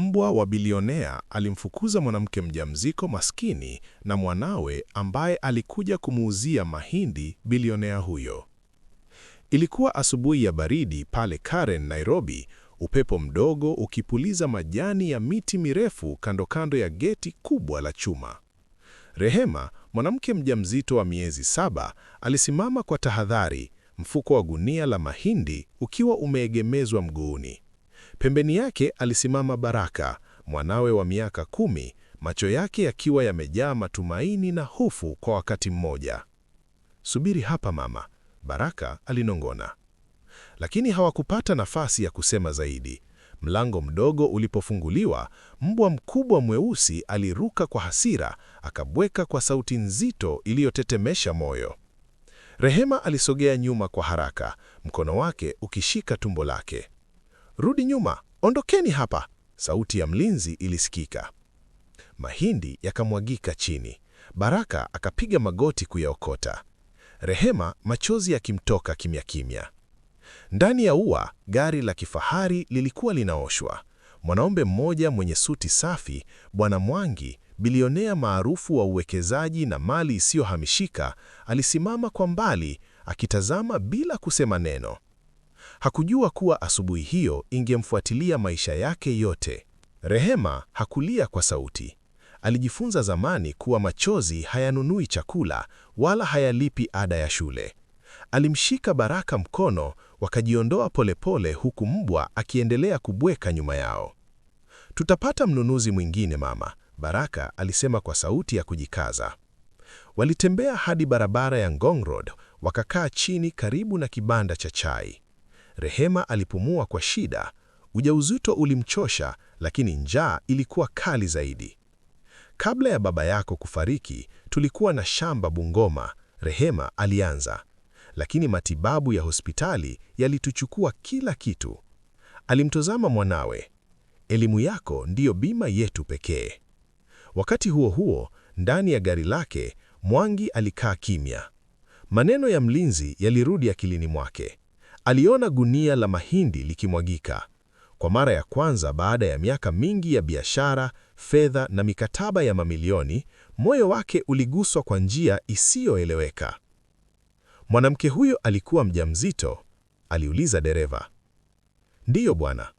Mbwa wa bilionea alimfukuza mwanamke mjamziko maskini na mwanawe ambaye alikuja kumuuzia mahindi bilionea huyo. Ilikuwa asubuhi ya baridi pale Karen, Nairobi, upepo mdogo ukipuliza majani ya miti mirefu kando kando ya geti kubwa la chuma. Rehema, mwanamke mjamzito wa miezi saba, alisimama kwa tahadhari, mfuko wa gunia la mahindi ukiwa umeegemezwa mguuni. Pembeni yake alisimama Baraka, mwanawe wa miaka kumi, macho yake yakiwa yamejaa matumaini na hofu kwa wakati mmoja. Subiri hapa mama, Baraka alinong'ona. Lakini hawakupata nafasi ya kusema zaidi. Mlango mdogo ulipofunguliwa, mbwa mkubwa mweusi aliruka kwa hasira, akabweka kwa sauti nzito iliyotetemesha moyo. Rehema alisogea nyuma kwa haraka, mkono wake ukishika tumbo lake. Rudi nyuma, ondokeni hapa, sauti ya mlinzi ilisikika. Mahindi yakamwagika chini. Baraka akapiga magoti kuyaokota, Rehema machozi yakimtoka kimya kimya. Ndani ya ua, gari la kifahari lilikuwa linaoshwa. Mwanaume mmoja mwenye suti safi, Bwana Mwangi, bilionea maarufu wa uwekezaji na mali isiyohamishika, alisimama kwa mbali akitazama bila kusema neno. Hakujua kuwa asubuhi hiyo ingemfuatilia maisha yake yote. Rehema hakulia kwa sauti. Alijifunza zamani kuwa machozi hayanunui chakula wala hayalipi ada ya shule. Alimshika Baraka mkono, wakajiondoa polepole, huku mbwa akiendelea kubweka nyuma yao. Tutapata mnunuzi mwingine mama, Baraka alisema kwa sauti ya kujikaza. Walitembea hadi barabara ya Ngong Road, wakakaa chini karibu na kibanda cha chai. Rehema alipumua kwa shida. Ujauzito ulimchosha, lakini njaa ilikuwa kali zaidi. Kabla ya baba yako kufariki, tulikuwa na shamba Bungoma, Rehema alianza, lakini matibabu ya hospitali yalituchukua kila kitu. Alimtazama mwanawe, elimu yako ndiyo bima yetu pekee. Wakati huo huo, ndani ya gari lake, Mwangi alikaa kimya. Maneno ya mlinzi yalirudi akilini mwake. Aliona gunia la mahindi likimwagika. Kwa mara ya kwanza baada ya miaka mingi ya biashara, fedha na mikataba ya mamilioni, moyo wake uliguswa kwa njia isiyoeleweka. Mwanamke huyo alikuwa mjamzito? aliuliza dereva. Ndiyo bwana.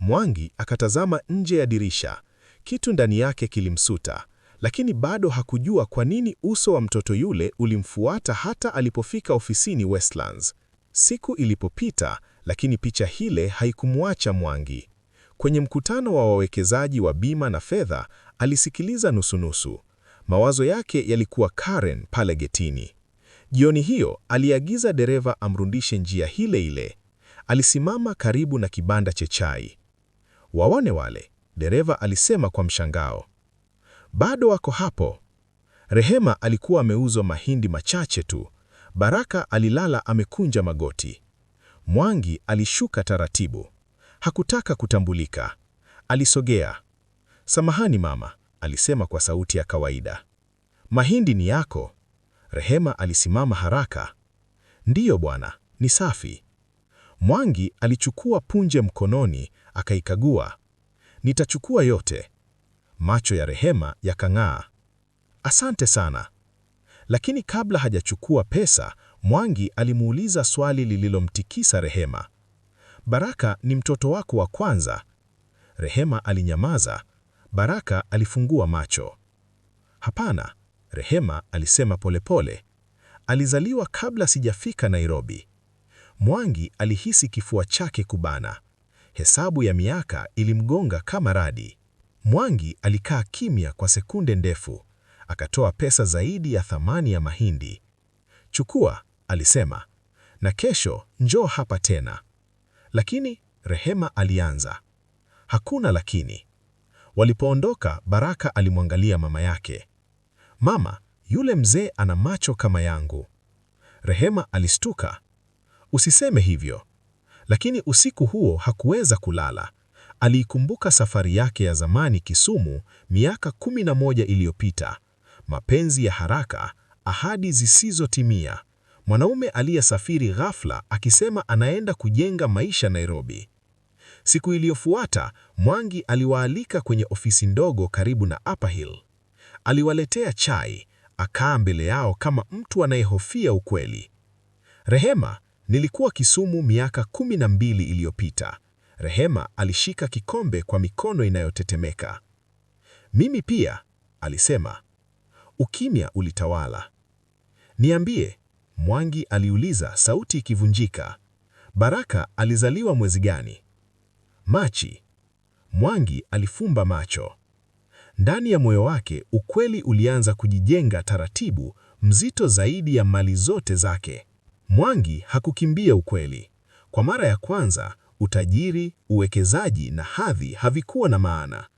Mwangi akatazama nje ya dirisha. Kitu ndani yake kilimsuta, lakini bado hakujua kwa nini uso wa mtoto yule ulimfuata hata alipofika ofisini Westlands. Siku ilipopita, lakini picha hile haikumwacha Mwangi. Kwenye mkutano wa wawekezaji wa bima na fedha, alisikiliza nusunusu. Mawazo yake yalikuwa Karen pale getini. Jioni hiyo aliagiza dereva amrundishe njia ile ile. Alisimama karibu na kibanda cha chai. Waone wale, dereva alisema kwa mshangao. Bado wako hapo. Rehema alikuwa ameuzwa mahindi machache tu, Baraka alilala amekunja magoti. Mwangi alishuka taratibu. Hakutaka kutambulika. Alisogea. Samahani mama, alisema kwa sauti ya kawaida. Mahindi ni yako? Rehema alisimama haraka. Ndiyo bwana, ni safi. Mwangi alichukua punje mkononi, akaikagua. Nitachukua yote. Macho ya Rehema yakang'aa. Asante sana. Lakini kabla hajachukua pesa, Mwangi alimuuliza swali lililomtikisa Rehema. Baraka ni mtoto wako wa kwanza? Rehema alinyamaza. Baraka alifungua macho. Hapana, Rehema alisema polepole. Alizaliwa kabla sijafika Nairobi. Mwangi alihisi kifua chake kubana. Hesabu ya miaka ilimgonga kama radi. Mwangi alikaa kimya kwa sekunde ndefu akatoa pesa zaidi ya thamani ya mahindi. Chukua, alisema, na kesho njoo hapa tena. Lakini Rehema alianza, hakuna lakini. Walipoondoka, Baraka alimwangalia mama yake. Mama, yule mzee ana macho kama yangu. Rehema alistuka, usiseme hivyo. Lakini usiku huo hakuweza kulala. Aliikumbuka safari yake ya zamani Kisumu miaka kumi na moja iliyopita mapenzi ya haraka, ahadi zisizotimia, mwanaume aliyesafiri ghafla akisema anaenda kujenga maisha Nairobi. Siku iliyofuata Mwangi aliwaalika kwenye ofisi ndogo karibu na Upper Hill. Aliwaletea chai, akaa mbele yao kama mtu anayehofia ukweli. Rehema, nilikuwa Kisumu miaka kumi na mbili iliyopita. Rehema alishika kikombe kwa mikono inayotetemeka. Mimi pia, alisema. Ukimya ulitawala. Niambie, Mwangi aliuliza, sauti ikivunjika. Baraka alizaliwa mwezi gani? Machi. Mwangi alifumba macho. Ndani ya moyo wake ukweli ulianza kujijenga taratibu, mzito zaidi ya mali zote zake. Mwangi hakukimbia ukweli. Kwa mara ya kwanza, utajiri, uwekezaji na hadhi havikuwa na maana.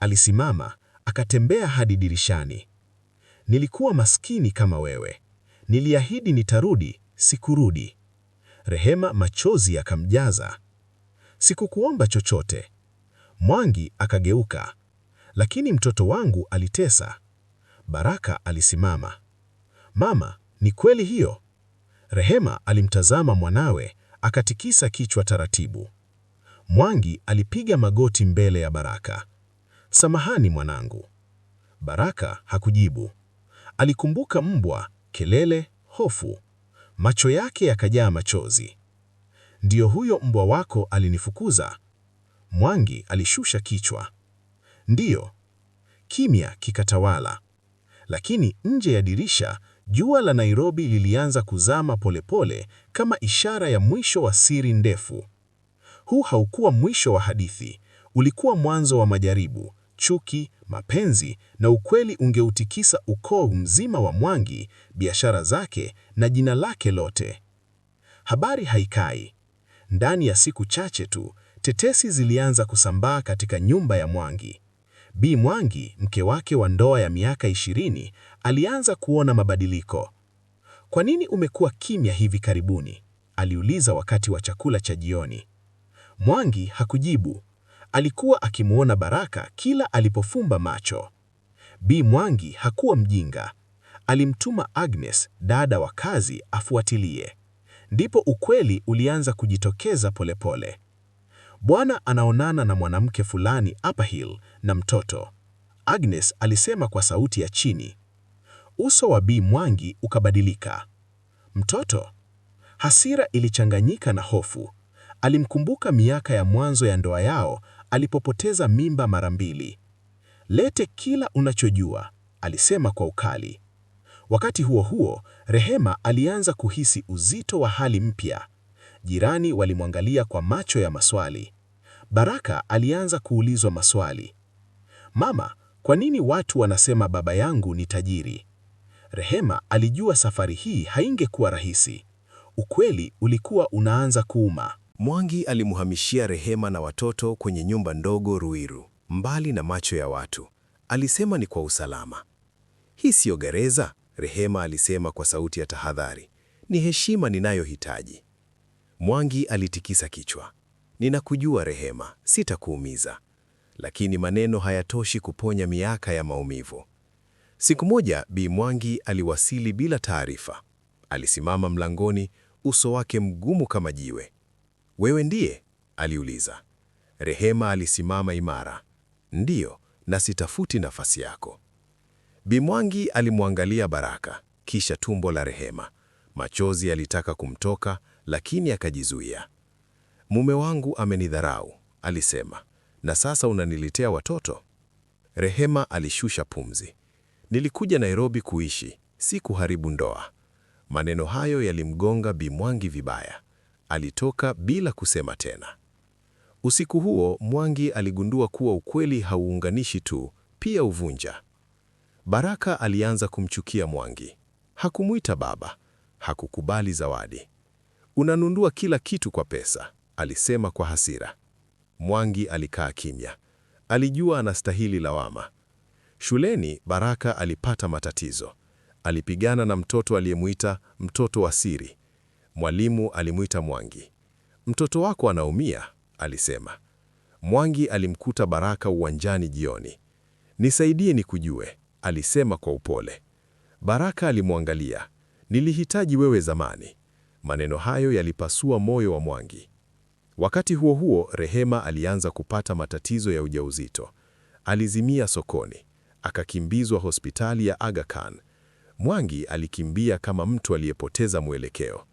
Alisimama, akatembea hadi dirishani nilikuwa maskini kama wewe, niliahidi nitarudi, sikurudi. Rehema machozi yakamjaza. Sikukuomba chochote. Mwangi akageuka, lakini mtoto wangu alitesa. Baraka alisimama. Mama, ni kweli hiyo? Rehema alimtazama mwanawe, akatikisa kichwa taratibu. Mwangi alipiga magoti mbele ya Baraka. Samahani mwanangu. Baraka hakujibu. Alikumbuka mbwa, kelele, hofu. Macho yake yakajaa machozi. Ndiyo huyo mbwa wako alinifukuza. Mwangi alishusha kichwa. Ndiyo. Kimya kikatawala. Lakini nje ya dirisha, jua la Nairobi lilianza kuzama polepole kama ishara ya mwisho wa siri ndefu. Huu haukuwa mwisho wa hadithi, ulikuwa mwanzo wa majaribu, chuki, mapenzi na ukweli ungeutikisa ukoo mzima wa Mwangi, biashara zake na jina lake lote. Habari haikai. Ndani ya siku chache tu, tetesi zilianza kusambaa katika nyumba ya Mwangi. Bi Mwangi, mke wake wa ndoa ya miaka ishirini, alianza kuona mabadiliko. Kwa nini umekuwa kimya hivi karibuni? aliuliza wakati wa chakula cha jioni. Mwangi hakujibu alikuwa akimwona Baraka kila alipofumba macho. Bi Mwangi hakuwa mjinga, alimtuma Agnes, dada wa kazi, afuatilie. Ndipo ukweli ulianza kujitokeza polepole. Bwana anaonana na mwanamke fulani Upper Hill na mtoto, Agnes alisema kwa sauti ya chini. Uso wa Bi Mwangi ukabadilika. Mtoto? Hasira ilichanganyika na hofu. Alimkumbuka miaka ya mwanzo ya ndoa yao alipopoteza mimba mara mbili. Lete kila unachojua, alisema kwa ukali. Wakati huo huo, Rehema alianza kuhisi uzito wa hali mpya. Jirani walimwangalia kwa macho ya maswali. Baraka alianza kuulizwa maswali. Mama, kwa nini watu wanasema baba yangu ni tajiri? Rehema alijua safari hii haingekuwa rahisi. Ukweli ulikuwa unaanza kuuma. Mwangi alimhamishia Rehema na watoto kwenye nyumba ndogo Ruiru, mbali na macho ya watu. Alisema ni kwa usalama. Hii siyo gereza, Rehema alisema kwa sauti ya tahadhari. Ni heshima ninayohitaji. Mwangi alitikisa kichwa. Ninakujua Rehema, sitakuumiza. Lakini maneno hayatoshi kuponya miaka ya maumivu. Siku moja Bi Mwangi aliwasili bila taarifa. Alisimama mlangoni, uso wake mgumu kama jiwe. Wewe ndiye? aliuliza. Rehema alisimama imara. Ndiyo, na sitafuti nafasi yako. Bimwangi alimwangalia Baraka, kisha tumbo la Rehema. Machozi yalitaka kumtoka, lakini akajizuia. Mume wangu amenidharau, alisema, na sasa unaniletea watoto? Rehema alishusha pumzi. Nilikuja Nairobi kuishi, si kuharibu ndoa. Maneno hayo yalimgonga Bimwangi vibaya. Alitoka bila kusema tena. Usiku huo Mwangi aligundua kuwa ukweli hauunganishi tu, pia uvunja. Baraka alianza kumchukia Mwangi. Hakumwita baba, hakukubali zawadi. Unanundua kila kitu kwa pesa, alisema kwa hasira. Mwangi alikaa kimya. Alijua anastahili lawama. Shuleni Baraka alipata matatizo. Alipigana na mtoto aliyemuita mtoto wa siri. Mwalimu alimwita Mwangi. Mtoto wako anaumia, alisema. Mwangi alimkuta Baraka uwanjani jioni. Nisaidie nikujue, alisema kwa upole. Baraka alimwangalia. Nilihitaji wewe zamani. Maneno hayo yalipasua moyo wa Mwangi. Wakati huo huo, Rehema alianza kupata matatizo ya ujauzito. Alizimia sokoni, akakimbizwa hospitali ya Aga Khan. Mwangi alikimbia kama mtu aliyepoteza mwelekeo.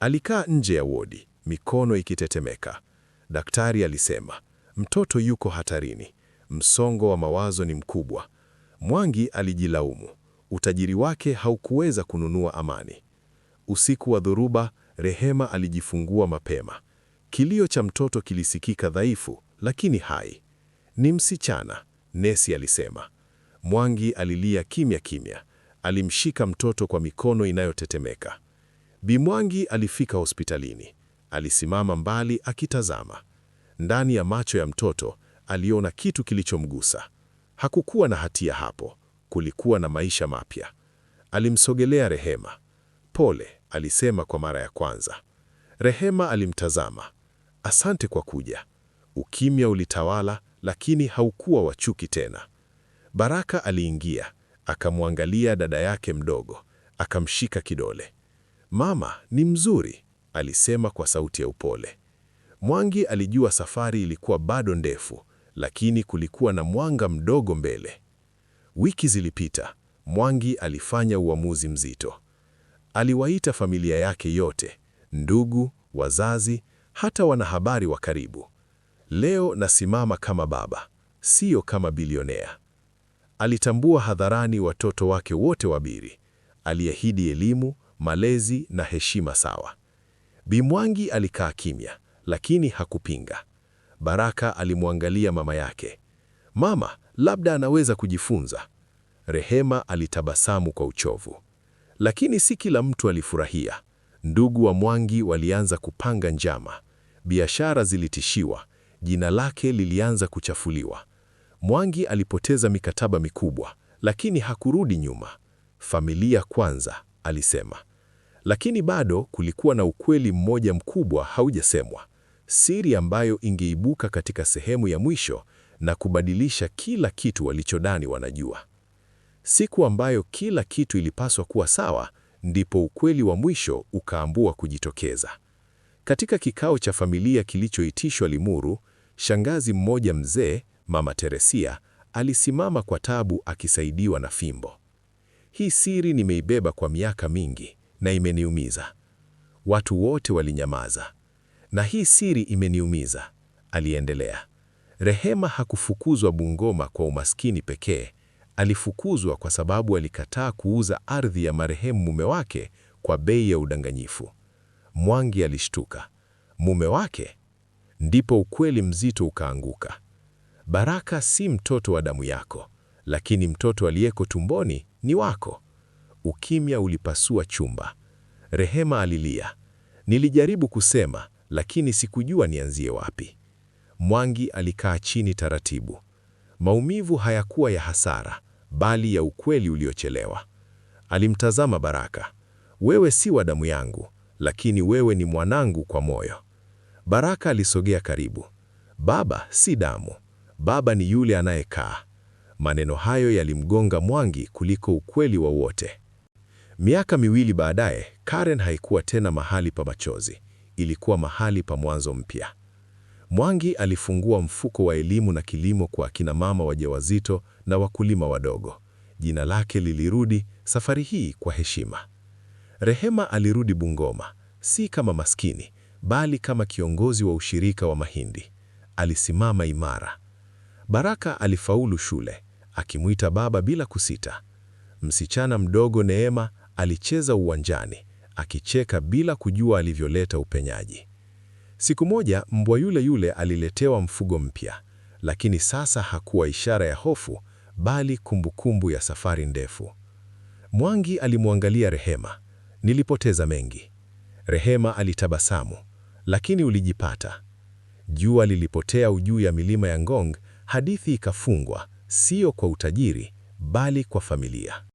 Alikaa nje ya wodi, mikono ikitetemeka. Daktari alisema, mtoto yuko hatarini, msongo wa mawazo ni mkubwa. Mwangi alijilaumu, utajiri wake haukuweza kununua amani. Usiku wa dhoruba, Rehema alijifungua mapema. Kilio cha mtoto kilisikika dhaifu, lakini hai. Ni msichana, nesi alisema. Mwangi alilia kimya kimya, alimshika mtoto kwa mikono inayotetemeka. Bimwangi alifika hospitalini. Alisimama mbali akitazama. Ndani ya macho ya mtoto aliona kitu kilichomgusa. Hakukuwa na hatia hapo, kulikuwa na maisha mapya. Alimsogelea Rehema. Pole, alisema kwa mara ya kwanza. Rehema alimtazama. Asante kwa kuja. Ukimya ulitawala, lakini haukuwa wa chuki tena. Baraka aliingia, akamwangalia dada yake mdogo, akamshika kidole. Mama ni mzuri, alisema kwa sauti ya upole. Mwangi alijua safari ilikuwa bado ndefu, lakini kulikuwa na mwanga mdogo mbele. Wiki zilipita, Mwangi alifanya uamuzi mzito. Aliwaita familia yake yote, ndugu, wazazi, hata wanahabari wa karibu. Leo nasimama kama baba, sio kama bilionea. Alitambua hadharani watoto wake wote wabiri. Aliahidi elimu, malezi na heshima sawa. Bimwangi alikaa kimya, lakini hakupinga. Baraka alimwangalia mama yake. Mama, labda anaweza kujifunza. Rehema alitabasamu kwa uchovu. Lakini si kila mtu alifurahia. Ndugu wa Mwangi walianza kupanga njama. Biashara zilitishiwa, jina lake lilianza kuchafuliwa. Mwangi alipoteza mikataba mikubwa, lakini hakurudi nyuma. Familia kwanza, alisema. Lakini bado kulikuwa na ukweli mmoja mkubwa haujasemwa, siri ambayo ingeibuka katika sehemu ya mwisho na kubadilisha kila kitu walichodani wanajua. Siku ambayo kila kitu ilipaswa kuwa sawa, ndipo ukweli wa mwisho ukaambua kujitokeza. Katika kikao cha familia kilichoitishwa Limuru, shangazi mmoja mzee, Mama Teresia, alisimama kwa tabu akisaidiwa na fimbo. Hii siri nimeibeba kwa miaka mingi na imeniumiza. Watu wote walinyamaza. Na hii siri imeniumiza, aliendelea. Rehema hakufukuzwa Bungoma kwa umaskini pekee. Alifukuzwa kwa sababu alikataa kuuza ardhi ya marehemu mume wake kwa bei ya udanganyifu. Mwangi alishtuka. Mume wake? Ndipo ukweli mzito ukaanguka. Baraka si mtoto wa damu yako lakini mtoto aliyeko tumboni ni wako. Ukimya ulipasua chumba. Rehema alilia, nilijaribu kusema lakini sikujua nianzie wapi. Mwangi alikaa chini taratibu. Maumivu hayakuwa ya hasara, bali ya ukweli uliochelewa. Alimtazama Baraka. Wewe si wa damu yangu, lakini wewe ni mwanangu kwa moyo. Baraka alisogea karibu. Baba si damu, baba ni yule anayekaa Maneno hayo yalimgonga Mwangi kuliko ukweli wowote. Miaka miwili baadaye, Karen haikuwa tena mahali pa machozi, ilikuwa mahali pa mwanzo mpya. Mwangi alifungua mfuko wa elimu na kilimo kwa akina mama wajawazito na wakulima wadogo. Jina lake lilirudi, safari hii kwa heshima. Rehema alirudi Bungoma, si kama maskini, bali kama kiongozi wa ushirika wa mahindi. Alisimama imara. Baraka alifaulu shule, akimwita baba bila kusita. Msichana mdogo Neema alicheza uwanjani akicheka bila kujua alivyoleta upenyaji. Siku moja mbwa yule yule aliletewa mfugo mpya, lakini sasa hakuwa ishara ya hofu, bali kumbukumbu ya safari ndefu. Mwangi alimwangalia Rehema. Nilipoteza mengi. Rehema alitabasamu, lakini ulijipata. Jua lilipotea juu ya milima ya Ngong, hadithi ikafungwa, sio kwa utajiri, bali kwa familia.